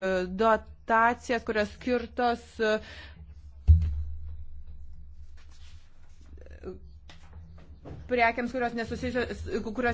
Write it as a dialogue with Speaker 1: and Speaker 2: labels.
Speaker 1: E, dotacijas, kurios skirtos e, prekiams, kurios, kurios